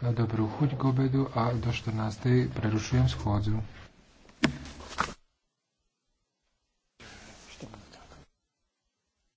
dobrú chuť k obedu a do 14.00 prerušujem schôdzu.